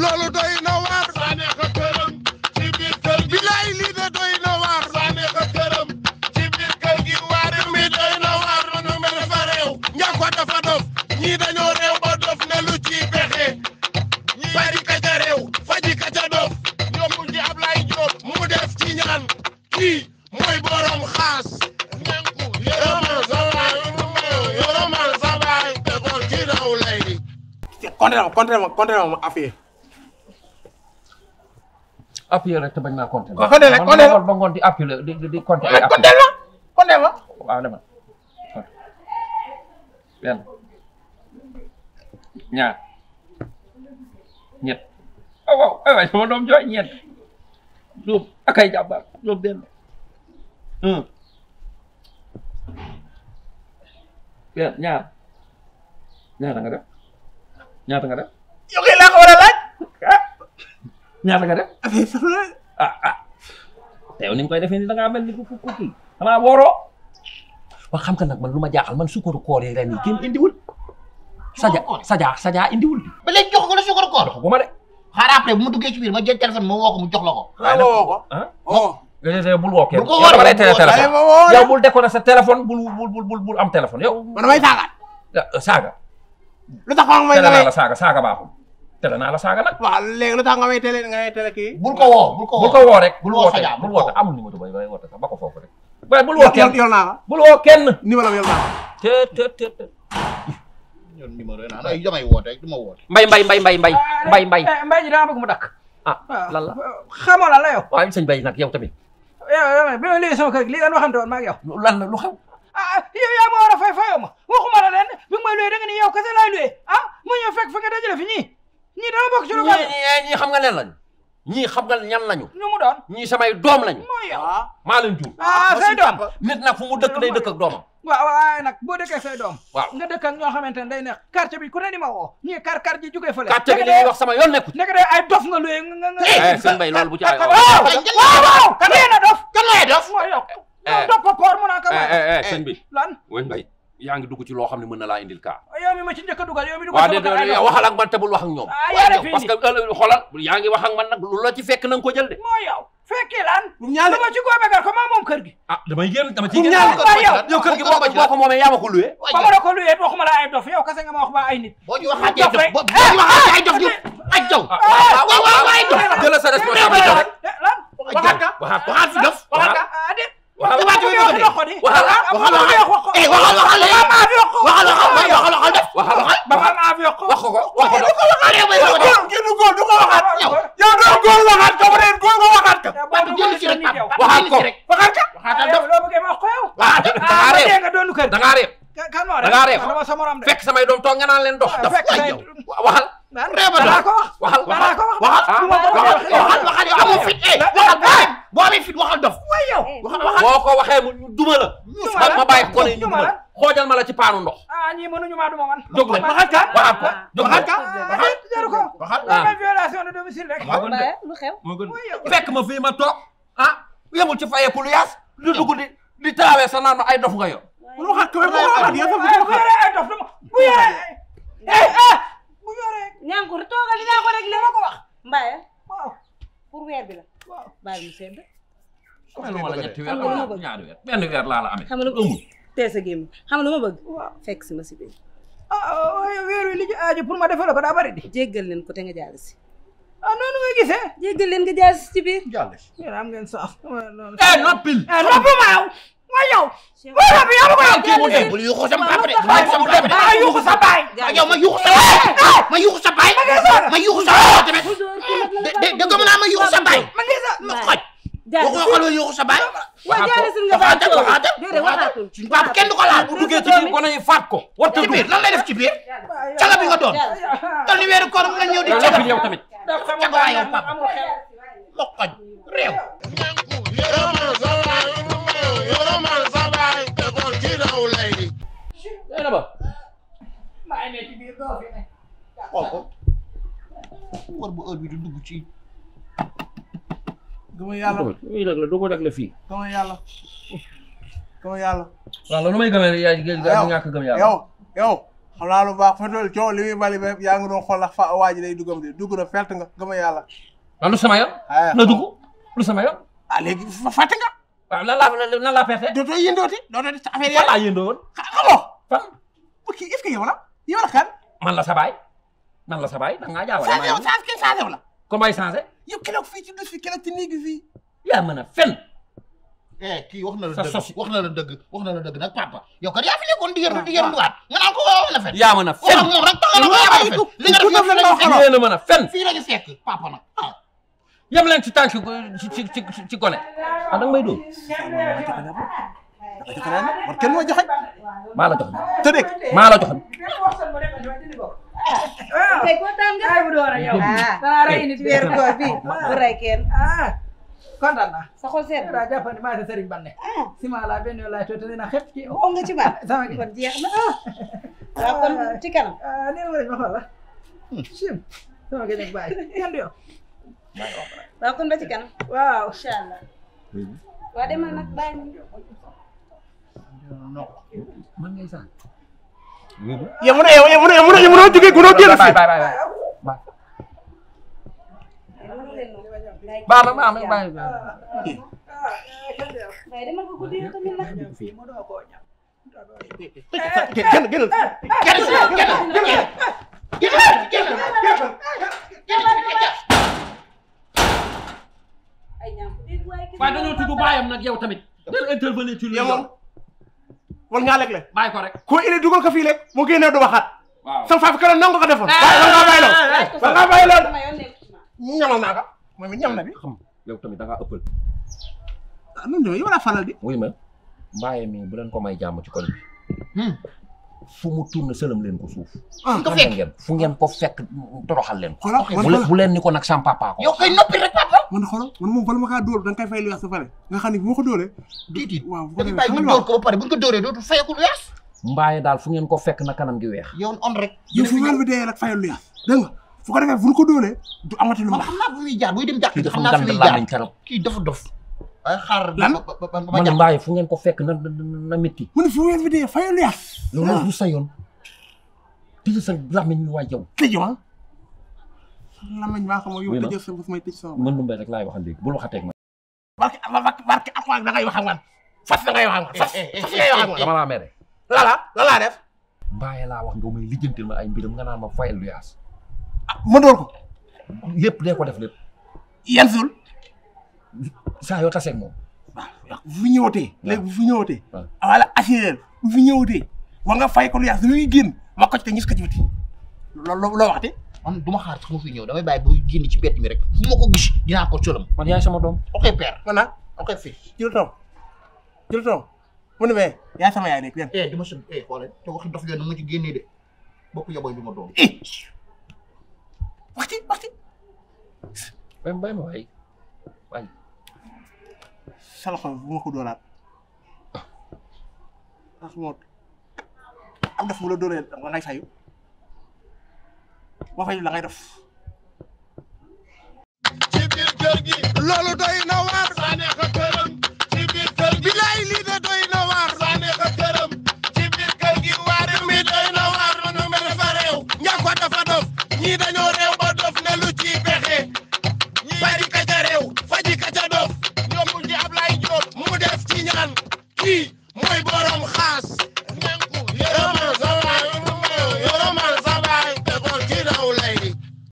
loolu doy na waar. Sané ka ci biir kër gi. bilaay lii de doy ci biir gi waare mi doy na nu mel fa réew. Njako dafa dof ñii dañoo réew ba dof ne lu ci pexe. ñii faji ka ca réew faji ka ca dof. ñoom mu ji Ablaye Diop mu def ci ñaan kii mooy borom xaas. contrairement contrairement contrairement appuyé rek te bañ maa compté. waaw compté la compté la ba ngoon di appuyé di ma. waaw dama benn ñaar ñett waaw waaw aywa jooy ñett juróom ak ay jàmbaar juróom benn un benn ñaar nga def ñaata nga def. ñaata nga def. ah ah te koy defee nii da ngaa mel ni ku ku kii nag man lu ma jaaxal man suukaru koor yi ren yi kenn indiwul. saja saja la suukaru koor. ma de. xaaral après bu ma duggee ci biir mu jox la ko. Ah, ah? bul bu ko waree téléphone yow bul décorer sa téléphone bul bul bul bul am téléphone yow. man damay saagaat. Ah, saaga. lu tax ma may saaga saaga baaxul. tele naa la saaga nag. waaw léegi lu tax nga may bul ko woo bul ko woo rek. bul woo xajaa bul woote amul numéro booy ba rek. woo kenn yor naa bul woo kenn. te te te te. mbay mbay mbay mbay mbay eh, mbay mbay. Eh, mbay ji mu dakk. Ah, ah lan la xamoo lan la yow. waaw nag yow tamit. yow bi ma léegi sama kër lii lan waxante woon maa ngi yow. lan la lu xew. Ah, ah, yaa ma war fay fayoo ma waxuma la leen bi nga may luwee da nga ni yow kese laay luwee ah mu ñëw fekk fi nga fi ñii ñii dana bokk ci lu bari ñii xam nga leen lañ ñii xam nga ñan lañu. ñu mu doon ñii samay doom lañu. maa leen jur. ah say doom nit na fu mu dëkk day dëkk ak doomam. waaw waaye nag boo dëkkee say doom. waaw nga dëkk ak ñoo xamante ne day neex. quartier bi ku ne ni ma woo. ñii kar kar ji jugee fële. quartier bi yoon nekku. nekk de ay dof nga luy nga bu ci ay waaw waaw kan lay dof. kan lay dof. mooy yokk. dof ko koor mu naa ko. sëñ bi lan. wéñ bay yaa ngi dugg ci loo xam ne mën na laa indil kaa ah, yow mi ma ci njëkk a dugal yow mi dugal sama kaa yow waxal ak man te bul wax ak ñoom ah, parce que xoolal man nag lu fekk na ko jël de moo yow dama ci góobe gar ko maa moom kër gi ah damay génn dama ci génn yow kër gi boo ko moomee yaa ma ko luwee ma la ko luwee waxuma la ay dof yow kese ay dof ay dof yow waxaat ko waxaat ko ah, waxaatal def loo bëggee ma wax ko yow ah, ah, dangaa reew nga doonu kër dangaa reew kan moo dangaa reew dama sa morom de fekk samay doom toog nga naan leen dox daf ay yow waxal reew danaa ko wax waxal danaa ko wax waxal waxal waxal yow amoo fit eh waxal baay boo amee fit waxal dof way yow waxal boo ko waxee mu duma la man ma bàyyi ko ne ñu duma xoojal ma la ci paanu ndox ah ñii mënuñu maa duma man jóg leen waxal ka waxal ko waxal ka jaru ko waxal violation de domicile rek lu xew fekk ma fii ma toog ah yemul ci fayeeku lu yaas lu dugg di di taawee sa naan ay dof nga yor. lu wax ak kawé boo xam ne bu rek li ma eh, eh, ko wax. Mbaye. weer bi la. waaw bàyyi mu sedd. xam la amee. a gémm xam nga lu ma bëgg. waaw fekk si ah, ah, weer wi li ci aaju pour ma defal ko daa bari di. jéggal leen ko te nga jaal si. ah noonu nga gisee. jéggal leen nga jaay ci biir. jàll yéen am ngeen saaf. Eh, eh noppil. eh noppi ma yow. mooy yow. mooy noppi yow ma yow. kii mu dem bul yuuxu sama papa de. ma yuuxu sa baay. Ah, yow ma yuuxu sa eh, baay. ma yuuxu sa baay. ma yuuxu sa baay tamit. de de ma yuuxu sa baay. ma ngi sa ma xoj. jaajëf waxoo xool ma yuuxu sa baay. waaw jaajëf si nga baay waxaatal waxaatal. déedéet waxaatul. waaw kenn du ko laal bu duggee ci biir ko nañu faat ko. warta dugg ci biir lan lay def ci biir. cala bi nga doon. toll ni weeru koor nga ñëw di cala. yow tamit ndax sama mbaa yow pap lokkoñ réew dana ba xool ko war bu heure bi du dugg ci gëma yàlla muy rek la doo ko rek la fii gëma yàlla gëma yàlla waaw loolu may gëmee yaa ñàkk gëm yàlla yow yow xam naa lu baax fetul coow li muy bali ba yaa ngi doon xool fa waa ji day dugam de dugg na felt nga gëm a yàlla. lan lu sama yoon. Ah, na dugg lu sama yoon. ah léegi fàtte nga. waaw lan laa doo laa perte. dootoo yëndooti dootoo di affaire yàlla. fan laa yëndoo ka xamoo. fan. bu kii est la yow la kan. man la sabaay man la sabaay da ngaa jaawale. maa yow changé kenn changé wu la. kon may changé. yow keroog fii ci douche fii keroog ci néeg bi yaa mën a fen eh kii wax na la dëgg wax na la dëgg wax na la dëgg nag papa yow kat yaa fi nekkoon di yërdu di yërduwaat ah, ah. nga naan ko waaw na fen yaa mën a fen moom rek tax na li nga mën a fen fii lañu fekk papa nag ah. yem leen ci tànk ci ci ci gone ah danga may dóor man kenn ma joxe maa la joxoon te dégg maa la joxoon tey kontaan nga yow dana rey nit weer koor bi bu rey kenn kontaan naa. sa xol seet la jàpp ne maa ngi Serigne Bande. Ah. si maa laa benn yoon xet ci. oo oh, nga ci man sama kii kon jeex na ah. waaw ah, kon ci kanam. ah nee ma xool la. sim sama kii nag bàyyi kenn du yow. waaw kon ba waaw incha allah. waa demal nag bàyyi ñu. mën ngay sax. yow mënoo yow mënoo yow mënoo jógee mënoo génn baax na baax na baax na waaye dañoo tudd baayam nag tamit del intervenir ngaa lekk le ko rek koo indi dugal ko fii rek du waxaat waaw sama faafi keroog nangu ko defoon waaye war ngaa bàyyi moom it ñam na bi xam yow tamit da ngaa ëppal. ah non non yow laa faral di. wuy ma mi bu leen ko may jàmm ci koñ bi. Hmm. fu mu tourné sëlëm leen ko suuf. Ah, nga fekk fu ngeen ko fekk toroxal ko. xoolal bu leen ni ko nag sam ko. yow kay noppi rek papa. man xoolal man moom xam ne bu ma ko dóoree. déedéet waaw ko defee bàyyi dóor ko ba bu ñu ko dóoree dootul fayeku lu yaas. mbaaye daal fu ngeen ko fekk na kanam gi weex. yoon on rek. yow fu ngeen ko dee rek fayal lu yaas dégg fu ko defee fu ñu ko dóolee du amati lu baax. xam naa bu muy jaar buy dem jàkk xam naa fi muy jaar kii dafa dof. ay xaar lan man ngeen ko fekk na na métti. mu ne ah. sa yoon. tëjee sa làmmiñ waay yow. tëjee ah. làmmiñ baa xam yow tëjee sa may tëj sama. mën rek laay ma. barke barke Alxuraan da ngay wax ak man fas da ngay wax ak man fas fas ngay wax ak man. dama laa mere. def. mbaay laa wax nga may lijjantil ma ay mbiram nga naan ma fayal lu yaas ma dóor ko. lépp dee ko def lépp. yan suul. saa yoo taseeg moom. waaw bu fi ñëwatee. léegi bu fi ñëwatee. waaw wala assuré bu fi ñëwatee. wa nga fay ko lu yàgg su ñuy génn ma ko ci te ñus ko du ma xaar sax ma ñëw damay bàyyi génn ci bett mi rek fu ma ko gis dinaa ko colam. man yaay sama doom. ok père. man naa ah. ok fii. jël taw jël taw mu ne mais yaay sama yaay nekk yan. eh du ma sën eh xoolal te waxi dof yoon na mu génnee de bokk yaboy bi ma doom. Eh, waxti waxti. bay bay ma waay bu ma ko dooraat. am daf mu la dooree da ngay fayu boo fayu la ngay def. ci biir loolu doy na waar. saa neex a këram. ci biir kër gi. bilaay a waar na waar. nu mel fa réew. ña ko dafa dof. ñii dañoo